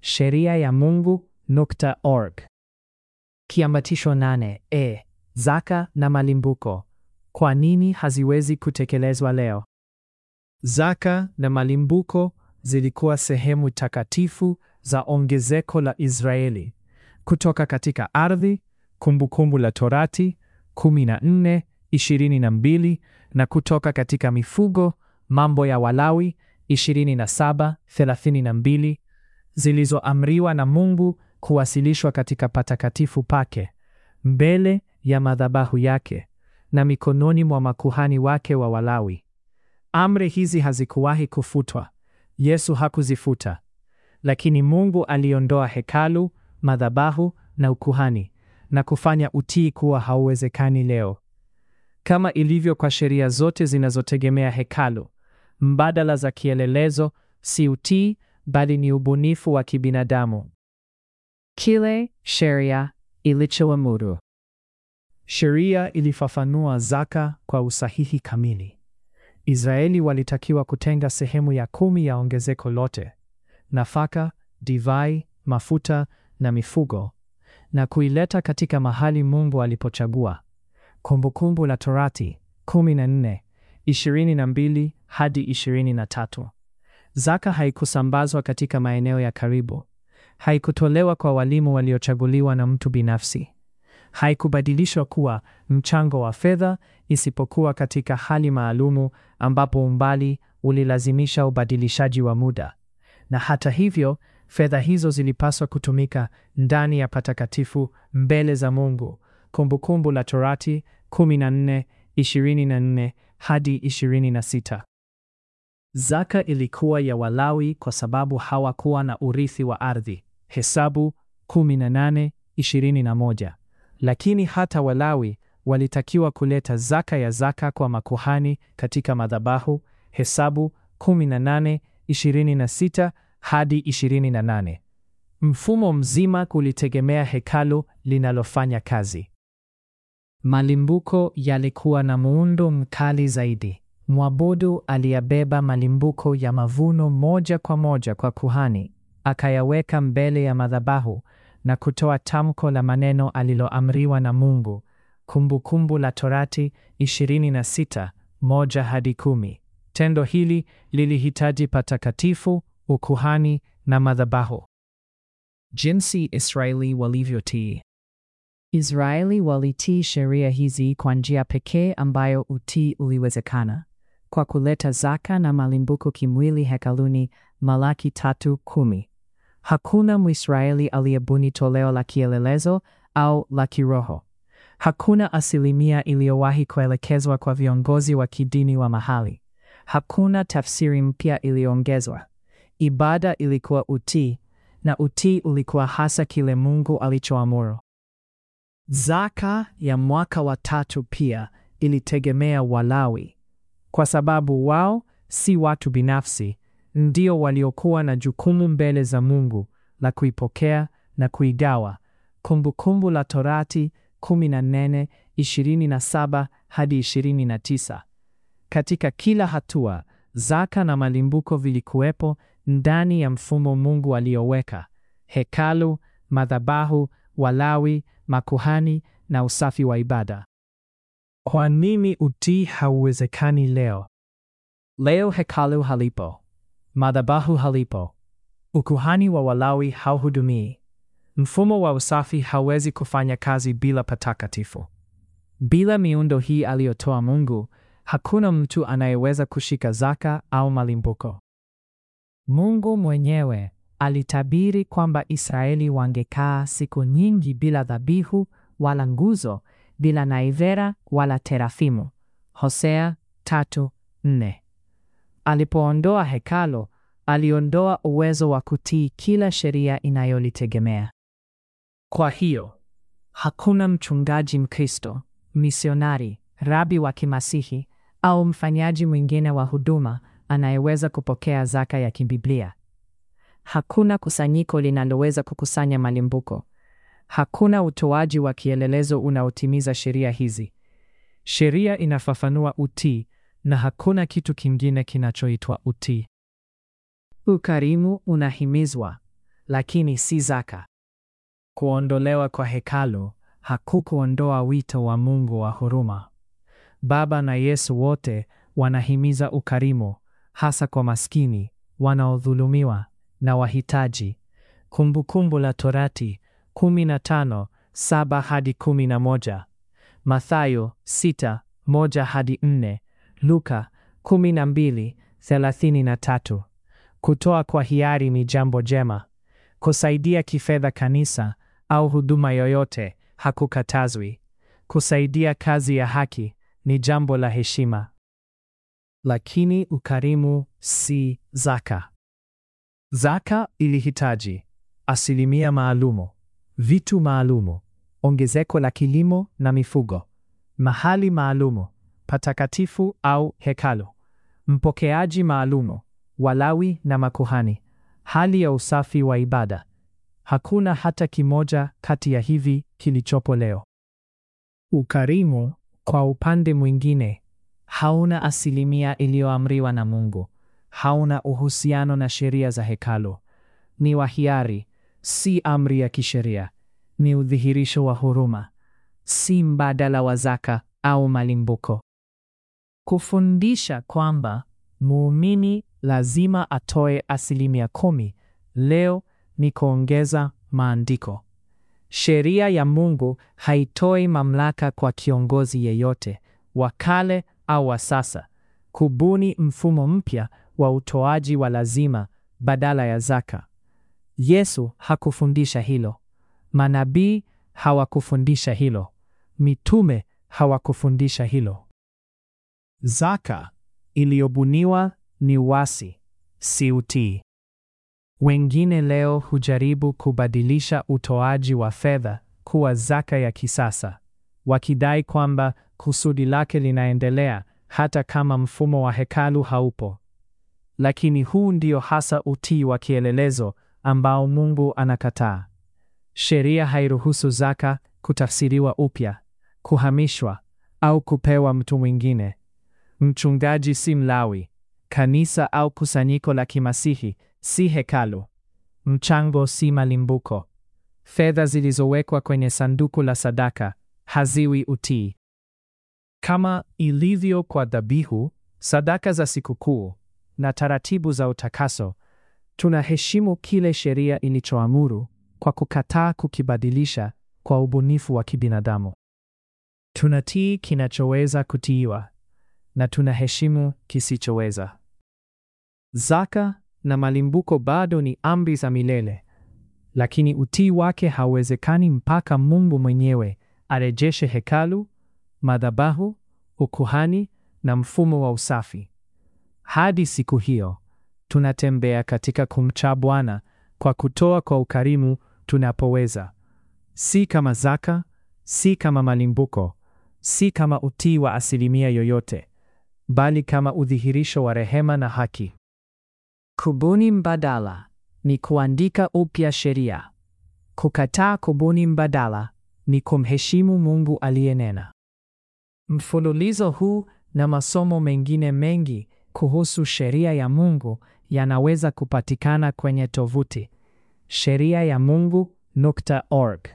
sheria ya Mungu org. Kiambatisho nane e, zaka na malimbuko. Kwa nini haziwezi kutekelezwa leo? Zaka na malimbuko zilikuwa sehemu takatifu za ongezeko la Israeli kutoka katika ardhi, Kumbukumbu la Torati 14:22 na kutoka katika mifugo, Mambo ya Walawi 27:32 zilizoamriwa na Mungu kuwasilishwa katika patakatifu pake mbele ya madhabahu yake na mikononi mwa makuhani wake wa Walawi. Amri hizi hazikuwahi kufutwa. Yesu hakuzifuta, lakini Mungu aliondoa hekalu, madhabahu na ukuhani na kufanya utii kuwa hauwezekani leo. Kama ilivyo kwa sheria zote zinazotegemea hekalu, mbadala za kielelezo si utii bali ni ubunifu wa kibinadamu. Kile sheria ilichoamuru. Sheria ilifafanua zaka kwa usahihi kamili. Israeli walitakiwa kutenga sehemu ya kumi ya ongezeko lote, nafaka, divai, mafuta na mifugo, na kuileta katika mahali Mungu alipochagua. Kumbukumbu la Torati 14:22 hadi 23. Zaka haikusambazwa katika maeneo ya karibu, haikutolewa kwa walimu waliochaguliwa na mtu binafsi, haikubadilishwa kuwa mchango wa fedha, isipokuwa katika hali maalumu ambapo umbali ulilazimisha ubadilishaji wa muda. Na hata hivyo, fedha hizo zilipaswa kutumika ndani ya patakatifu mbele za Mungu. Kumbukumbu la Torati 14:24 hadi 26. Zaka ilikuwa ya Walawi kwa sababu hawakuwa na urithi wa ardhi. Hesabu 18:21. Lakini hata Walawi walitakiwa kuleta zaka ya zaka kwa makuhani katika madhabahu. Hesabu 18:26 hadi 28. Mfumo mzima kulitegemea hekalu linalofanya kazi. Malimbuko yalikuwa na muundo mkali zaidi. Mwabudu aliyabeba malimbuko ya mavuno moja kwa moja kwa kuhani, akayaweka mbele ya madhabahu na kutoa tamko la maneno aliloamriwa na Mungu, Kumbukumbu la Torati 26:1 hadi kumi. Tendo hili lilihitaji patakatifu, ukuhani na madhabahu. Jinsi Israeli walivyotii. Israeli walitii sheria hizi kwa njia pekee ambayo utii uliwezekana kwa kuleta zaka na malimbuko kimwili hekaluni, Malaki kumi. Hakuna Mwisraeli aliyebuni toleo la kielelezo au la kiroho. Hakuna asilimia iliyowahi kuelekezwa kwa viongozi wa kidini wa mahali. Hakuna tafsiri mpya iliyoongezwa. Ibada ilikuwa utii, na utii ulikuwa hasa kile Mungu alichoamuru. Zaka ya mwaka wa tatu pia ilitegemea Walawi kwa sababu wao si watu binafsi, ndio waliokuwa na jukumu mbele za Mungu la kuipokea na kuigawa. Kumbukumbu la Torati 14:27 hadi 29. Katika kila hatua, zaka na malimbuko vilikuwepo ndani ya mfumo Mungu aliyoweka: hekalu, madhabahu, Walawi, makuhani na usafi wa ibada. Kwa nini utii hauwezekani leo? Leo hekalu halipo, madhabahu halipo, ukuhani wa Walawi hauhudumii, mfumo wa usafi hauwezi kufanya kazi bila patakatifu. Bila miundo hii aliyotoa Mungu, hakuna mtu anayeweza kushika zaka au malimbuko. Mungu mwenyewe alitabiri kwamba Israeli wangekaa siku nyingi bila dhabihu wala nguzo bila naivera wala terafimu. Hosea tatu nne. Alipoondoa hekalo, aliondoa uwezo wa kutii kila sheria inayolitegemea. Kwa hiyo hakuna mchungaji Mkristo, misionari, rabi wa kimasihi au mfanyaji mwingine wa huduma anayeweza kupokea zaka ya kibiblia. Hakuna kusanyiko linaloweza kukusanya malimbuko Hakuna utoaji wa kielelezo unaotimiza sheria hizi. Sheria inafafanua utii na hakuna kitu kingine kinachoitwa utii. Ukarimu unahimizwa, lakini si zaka. Kuondolewa kwa hekalu hakukuondoa wito wa Mungu wa huruma. Baba na Yesu wote wanahimiza ukarimu, hasa kwa maskini, wanaodhulumiwa na wahitaji. Kumbukumbu la Torati 15:7 hadi 11, Mathayo 6:1 hadi 4, Luka 12:33. Kutoa kwa hiari ni jambo jema. Kusaidia kifedha kanisa au huduma yoyote hakukatazwi. Kusaidia kazi ya haki ni jambo la heshima. Lakini ukarimu si zaka. Zaka ilihitaji asilimia maalumu vitu maalumu, ongezeko la kilimo na mifugo, mahali maalumu, patakatifu au hekalu, mpokeaji maalumu, Walawi na makuhani, hali ya usafi wa ibada. Hakuna hata kimoja kati ya hivi kilichopo leo. Ukarimu, kwa upande mwingine, hauna asilimia iliyoamriwa na Mungu, hauna uhusiano na sheria za hekalu, ni wa hiari si amri ya kisheria, ni udhihirisho wa huruma, si mbadala wa zaka au malimbuko. Kufundisha kwamba muumini lazima atoe asilimia kumi leo ni kuongeza maandiko. Sheria ya Mungu haitoi mamlaka kwa kiongozi yeyote, wa kale au wa sasa, kubuni mfumo mpya wa utoaji wa lazima badala ya zaka. Yesu hakufundisha hilo. Manabii hawakufundisha hilo. Mitume hawakufundisha hilo. Zaka iliyobuniwa ni wasi, si utii. Wengine leo hujaribu kubadilisha utoaji wa fedha kuwa zaka ya kisasa, wakidai kwamba kusudi lake linaendelea hata kama mfumo wa hekalu haupo. Lakini huu ndio hasa utii wa kielelezo ambao Mungu anakataa. Sheria hairuhusu zaka kutafsiriwa upya, kuhamishwa au kupewa mtu mwingine. Mchungaji si Mlawi. Kanisa au kusanyiko la kimasihi si hekalu. Mchango si malimbuko. Fedha zilizowekwa kwenye sanduku la sadaka haziwi utii. Kama ilivyo kwa dhabihu, sadaka za sikukuu na taratibu za utakaso Tunaheshimu kile sheria ilichoamuru kwa kukataa kukibadilisha kwa ubunifu wa kibinadamu. Tunatii kinachoweza kutiiwa na tunaheshimu kisichoweza. Zaka na malimbuko bado ni amri za milele, lakini utii wake hauwezekani mpaka Mungu mwenyewe arejeshe hekalu, madhabahu, ukuhani na mfumo wa usafi. Hadi siku hiyo, tunatembea katika kumcha Bwana kwa kutoa kwa ukarimu tunapoweza, si kama zaka, si kama malimbuko, si kama utii wa asilimia yoyote, bali kama udhihirisho wa rehema na haki. Kubuni mbadala ni kuandika upya sheria. Kukataa kubuni mbadala ni kumheshimu Mungu aliyenena. Mfululizo huu na masomo mengine mengi kuhusu sheria ya Mungu yanaweza kupatikana kwenye tovuti sheria ya mungu.org.